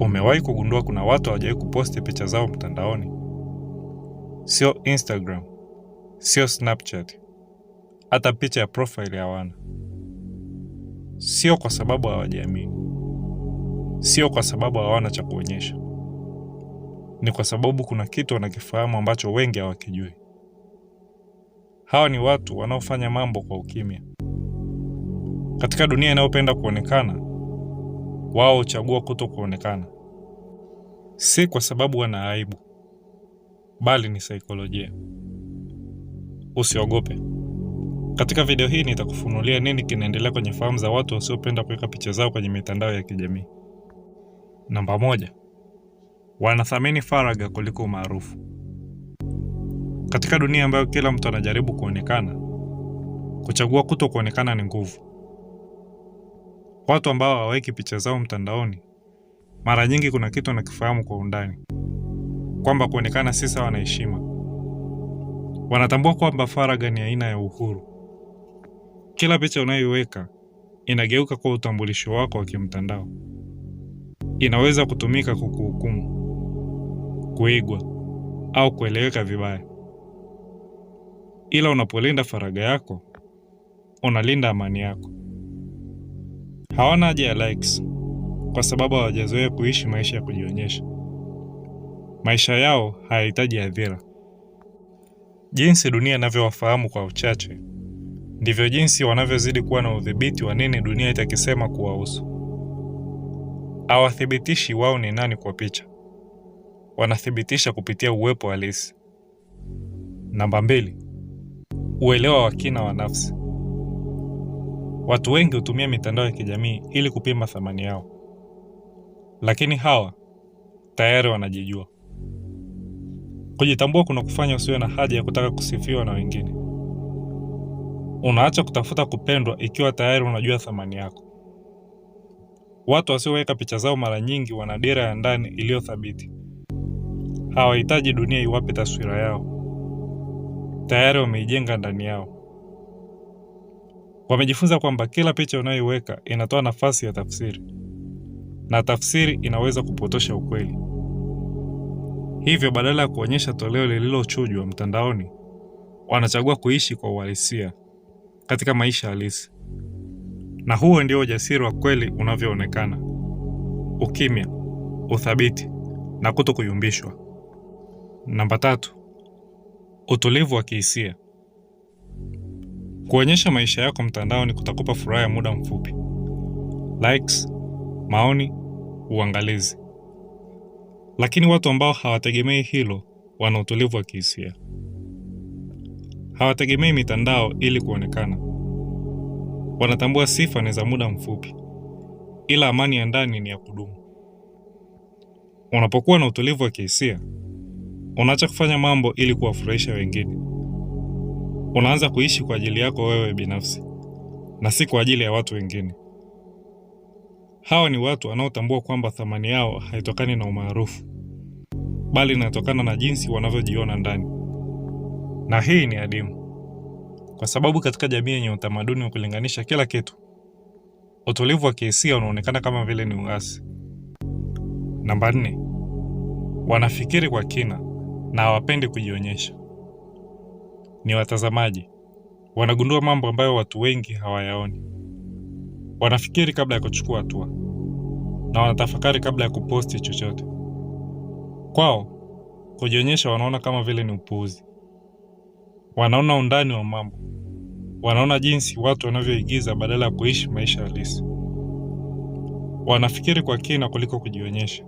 Umewahi kugundua kuna watu hawajawahi kuposti picha zao mtandaoni? Sio Instagram, sio Snapchat, hata picha ya profile hawana. Sio kwa sababu hawajiamini, sio kwa sababu hawana cha kuonyesha, ni kwa sababu kuna kitu wanakifahamu ambacho wengi hawakijui. Hawa ni watu wanaofanya mambo kwa ukimya, katika dunia inayopenda kuonekana wao huchagua kuto kuonekana, si kwa sababu wana aibu, bali ni saikolojia. Usiogope. Katika video hii nitakufunulia nini kinaendelea kwenye fahamu za watu wasiopenda kuweka picha zao kwenye mitandao ya kijamii. Namba moja, wanathamini faragha kuliko umaarufu. Katika dunia ambayo kila mtu anajaribu kuonekana, kuchagua kuto kuonekana ni nguvu. Watu ambao hawaweki picha zao mtandaoni, mara nyingi kuna kitu wanakifahamu kwa undani, kwamba kuonekana si sawa na heshima. Wanatambua kwamba faragha ni aina ya uhuru. Kila picha unayoiweka inageuka kuwa utambulisho wako wa kimtandao. Inaweza kutumika kukuhukumu, kuigwa au kueleweka vibaya. Ila unapolinda faragha yako, unalinda amani yako hawana haja ya likes kwa sababu hawajazoea kuishi maisha ya kujionyesha. Maisha yao hayahitaji hadhira. Jinsi dunia inavyowafahamu kwa uchache, ndivyo jinsi wanavyozidi kuwa na udhibiti wa nini dunia itakisema kuwahusu. Hawathibitishi wao ni nani kwa picha, wanathibitisha kupitia uwepo halisi. Namba mbili, uelewa wa kina wa nafsi. Watu wengi hutumia mitandao ya kijamii ili kupima thamani yao, lakini hawa tayari wanajijua. Kujitambua kuna kufanya usiwe na haja ya kutaka kusifiwa na wengine. Unaacha kutafuta kupendwa ikiwa tayari unajua thamani yako. Watu wasioweka picha zao mara nyingi wana dira ya ndani iliyothabiti. Hawahitaji dunia iwape taswira yao, tayari wameijenga ndani yao. Wamejifunza kwamba kila picha unayoiweka inatoa nafasi ya tafsiri, na tafsiri inaweza kupotosha ukweli. Hivyo, badala ya kuonyesha toleo lililochujwa mtandaoni, wanachagua kuishi kwa uhalisia katika maisha halisi, na huo ndio ujasiri wa kweli unavyoonekana: ukimya, uthabiti na kuto kuyumbishwa. Namba tatu: utulivu wa kihisia. Kuonyesha maisha yako mtandaoni kutakupa furaha ya muda mfupi, likes, maoni, uangalizi, lakini watu ambao hawategemei hilo wana utulivu wa kihisia. Hawategemei mitandao ili kuonekana, wanatambua sifa ni za muda mfupi, ila amani ya ndani ni ya kudumu. Unapokuwa na utulivu wa kihisia, unaacha kufanya mambo ili kuwafurahisha wengine Unaanza kuishi kwa ajili yako wewe binafsi na si kwa ajili ya watu wengine. Hawa ni watu wanaotambua kwamba thamani yao haitokani na umaarufu, bali inatokana na jinsi wanavyojiona ndani, na hii ni adimu, kwa sababu katika jamii yenye utamaduni wa kulinganisha kila kitu, utulivu wa kihisia unaonekana kama vile ni uasi. Namba nne, wanafikiri kwa kina na hawapendi kujionyesha ni watazamaji. Wanagundua mambo ambayo watu wengi hawayaoni. Wanafikiri kabla ya kuchukua hatua na wanatafakari kabla ya kuposti chochote. Kwao kujionyesha, wanaona kama vile ni upuuzi. Wanaona undani wa mambo, wanaona jinsi watu wanavyoigiza badala ya kuishi maisha halisi. Wanafikiri kwa kina kuliko kujionyesha,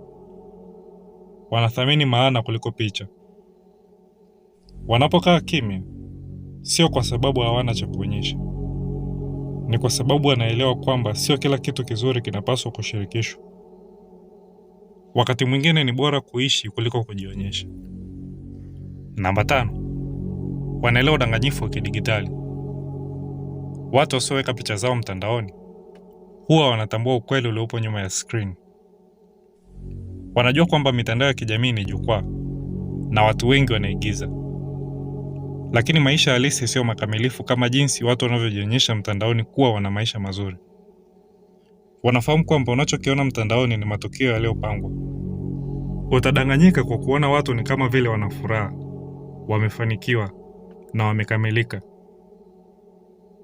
wanathamini maana kuliko picha. Wanapokaa kimya sio kwa sababu hawana cha kuonyesha, ni kwa sababu wanaelewa kwamba sio kila kitu kizuri kinapaswa kushirikishwa. Wakati mwingine ni bora kuishi kuliko kujionyesha. Namba tano, wanaelewa udanganyifu wa kidigitali. Watu wasioweka picha zao mtandaoni huwa wanatambua ukweli uliopo nyuma ya skrini. Wanajua kwamba mitandao ya kijamii ni jukwaa na watu wengi wanaigiza lakini maisha halisi sio makamilifu kama jinsi watu wanavyojionyesha mtandaoni kuwa wana maisha mazuri. Wanafahamu kwamba unachokiona mtandaoni ni matukio yaliyopangwa. Utadanganyika kwa kuona watu ni kama vile wana furaha, wamefanikiwa na wamekamilika.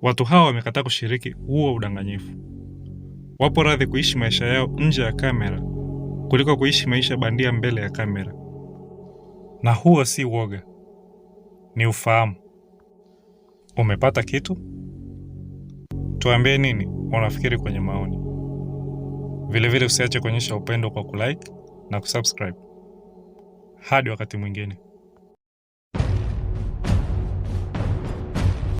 Watu hawa wamekataa kushiriki huo udanganyifu. Wapo radhi kuishi maisha yao nje ya kamera kuliko kuishi maisha bandia mbele ya kamera, na huo si woga ni ufahamu. Umepata kitu? Tuambie nini unafikiri kwenye maoni. Vilevile usiache kuonyesha upendo kwa kulike na kusubscribe. Hadi wakati mwingine.